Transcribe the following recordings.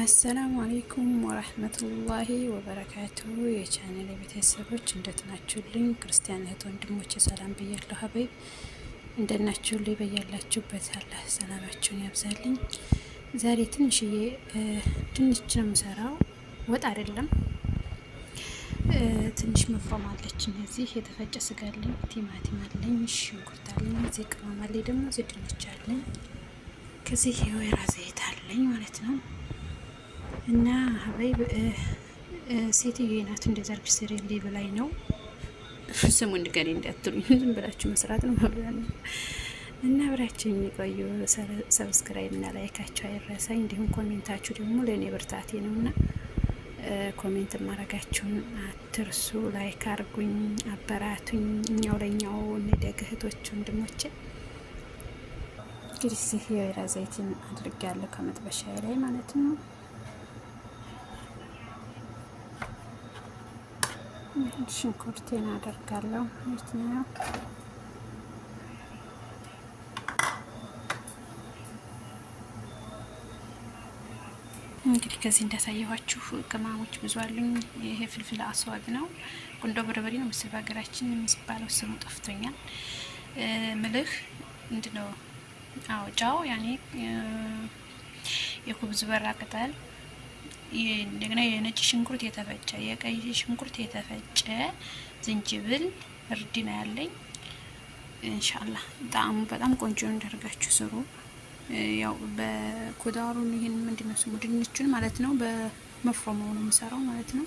አሰላሙ አሌይኩም ወረህመቱላሂ ወበረካቱሁ የቻናል ቤተሰቦች እንደት ናችሁልኝ? ክርስቲያን እህት ወንድሞች ሰላም ብያለሁ። ሀበይብ እንደት ናችሁልኝ? በያላችሁበት አላህ ሰላማችሁን ያብዛልኝ። ዛሬ ትንሽዬ ድንች ነው የምሰራው፣ ወጥ አይደለም። ትንሽ መፍረም አለች። እነዚህ የተፈጨ ስጋ አለኝ፣ ቲማቲም አለኝ፣ ሽንኩርት አለኝ፣ እዚህ ቅመም አለኝ፣ ደግሞ እዚህ ድንች አለኝ፣ ከዚህ የወይራ ዘይት አለኝ ማለት ነው እና ሀበይ ሴትዮ ናት እንደዛ አድርግሽ ስሪ በላይ ነው ስሙ እንድገሬ እንዳትሉኝ፣ ዝም ብላችሁ መስራት ነው መብላት ነው። እና ብራችሁ የሚቆዩ ሰብስክራይብ እና ላይካቸው አይረሳኝ። እንዲሁም ኮሜንታችሁ ደግሞ ለእኔ ብርታቴ ነው እና ኮሜንት ማድረጋችሁን አትርሱ። ላይክ አርጉኝ፣ አበራቱኝ። እኛው ለእኛው እንደግ እህቶች ወንድሞቼ። እንግዲህ ይህ የወይራ ዘይትን አድርጌያለሁ ከመጥበሻ ላይ ማለት ነው። ሽንኩርቴን አደርጋለሁ ማለት እንግዲህ ከዚህ እንዳሳየኋችሁ ቅመሞች ብዙ አሉኝ። ይሄ ፍልፍል አስዋግ ነው፣ ቁንዶ በርበሬ ነው ምስል በሀገራችን የሚባለው ስሙ ጠፍቶኛል። ምልህ ምንድነው? አዎ ጫው ያኔ የኩብዝ በራ ቅጠል እንደገና የነጭ ሽንኩርት የተፈጨ፣ የቀይ ሽንኩርት የተፈጨ፣ ዝንጅብል እርድና ያለኝ። ኢንሻአላህ ጣዕሙ በጣም ቆንጆ እንዳርጋችሁ ስሩ። ያው በኩዳሩን ይሄን ምንድነው ስሙ ድንቹን ማለት ነው በመፍረመው ነው የምሰራው ማለት ነው።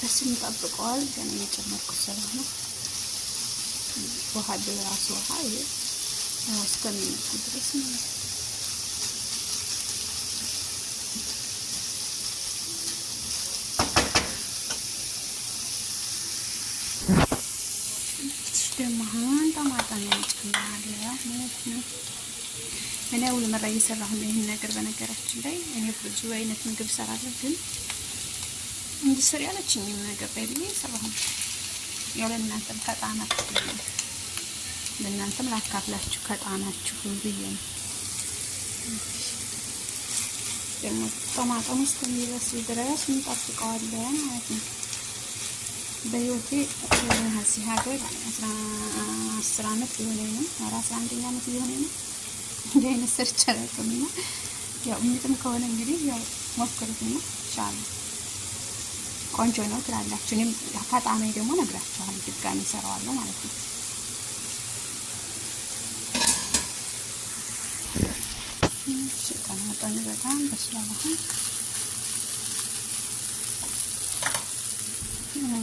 በስም ጠብቀዋል ገና እየጨመርኩት ስለሆነ ውሃ በራሱ ውሃ ይሄ እስከሚመጣ ድረስ ማለት ነው። ደማሁን ጠማጣ ነው ጨምራለሁ ማለት ነው። እኔ እየሰራሁ ነው ይህን ነገር። በነገራችን ላይ እኔ ብዙ አይነት ምግብ ሰራለሁ ግን እንድስር ያለችኝ የምናገባይ ብዬ ሰራሁ። ያው ለእናንተም ከጣናችሁ ለእናንተም ላካፍላችሁ ከጣናችሁ ብዬ ነው። ደግሞ ጦማጦም እስከሚበስል ድረስ እንጠብቀዋለን ማለት ነው። በህይወቴ እዚህ ሀገር አስር አመት የሆነ ነው፣ ኧረ አስራ አንደኛ አመት የሆነ ነው። እንዲህ አይነት ሰርቻ ያው የሚጥም ከሆነ እንግዲህ ያው ሞክሩትና ይሻላል። ቆንጆ ነው ትላላችሁ። እኔም ከጣመኝ ደግሞ ነግራችኋል። ድጋሚ እሰራዋለሁ ማለት ነው። ቀመጠን በጣም በስላባህን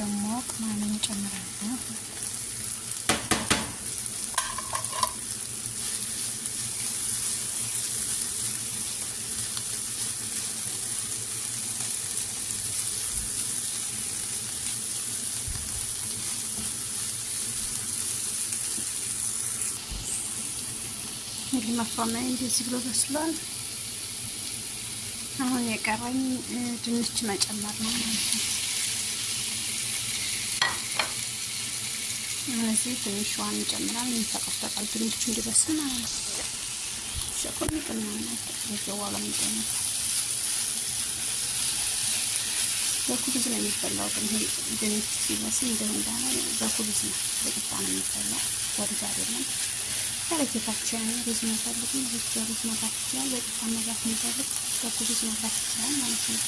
ደግሞ ቅማሜን ጨምራለሁ እንግዲህ መፍሯና እንደዚህ ብሎ በስሏል። አሁን የቀረኝ ድንች መጨመር ነው ማለት ነው። እነዚህ ትንሽ ውሃ እንጨምራለን። የሚተቀጠቃል ድንቹ እንዲበስል ማለት ነው። ሸኮል ቅናና ዋላ ሚጠነ በኩብዝ ነው የሚበላው። ግን ይሄ ድንች ሲበስል እንደሁ እንዳለ በኩብዝ ነው በቂጣ ነው የሚበላው። ወደዛ አይደለም ተረጅታችን ሩዝ መፈልግ ሩዝ በሩዝ መብላት ይችላል። በቂጣ መብላት የሚፈልግ በሩዝ መብላት ይችላል ማለት ነው።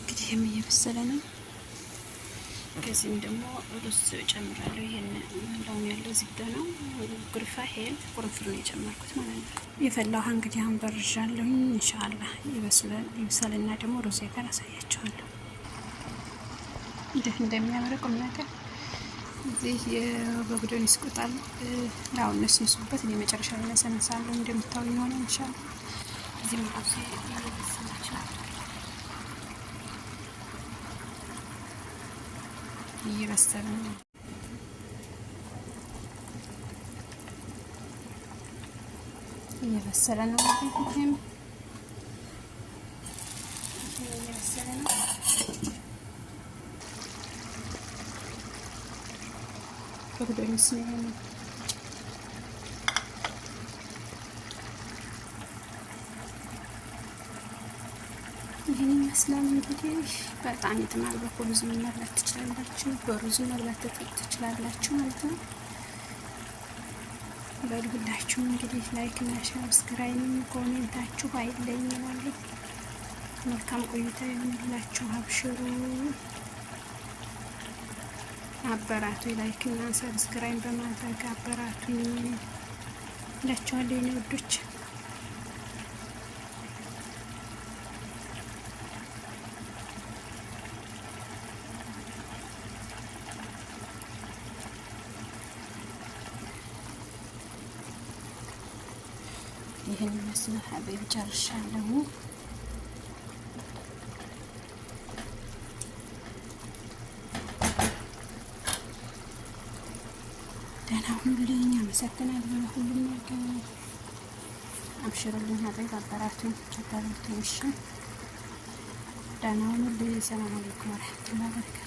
እንግዲህ ይህም እየበሰለ ነው። ከዚህም ደግሞ ሩዝ ጨምራለሁ። ይሄን ለሁን ያለው ዝግዳ ነው ጉርፋ ሄል ቁርንፍር ነው የጨመርኩት ማለት ነው። የፈላውሃ እንግዲህ አሁን በርዣለሁኝ። እንሻላ ይብሳልና ደግሞ ሩዝ ጋር አሳያቸዋለሁ እንዴት እንደሚያምር ቁም ነገር። እዚህ የበግዶን ይስቁጣል። ያው እነሱ ይስቁበት፣ እኔ መጨረሻ ላይ ነሰነሳለሁ እንደምታዩ የሆነ እንሻላ እዚህ እየበሰለ ነው። እየበሰለ ነው። ይሄም እየበሰለ ነው። ወደ ነው ይህን ይመስላል እንግዲህ በጣም የተማረ በሩዝ መብላት ትችላላችሁ፣ በሩዝ መብላት ትችላላችሁ ማለት ነው። በልሁላችሁም እንግዲህ ላይክ እና ሰብስክራይብ ኮሜንታችሁ አይለኝ እላለሁ። መልካም ቆይታ ይሁንላችሁ። አብሽሩ፣ አበራቱ፣ ላይክ እና ሰብስክራይብ በማድረግ አበራቱ እላችኋለሁ የኔ ውዶች። ይህን ይመስላል ሀቢብ ጨርሻለሁ። ደህና ሁሉልኝ። አመሰግናለሁ ሁሉም ነገር አብሽሩልኝ ሀቢብ አበራቱን አበራቱን። እሺ ደህና ሁሉልኝ። ሰላም አለይኩም ወረሕመቱላሂ ወበረካቱህ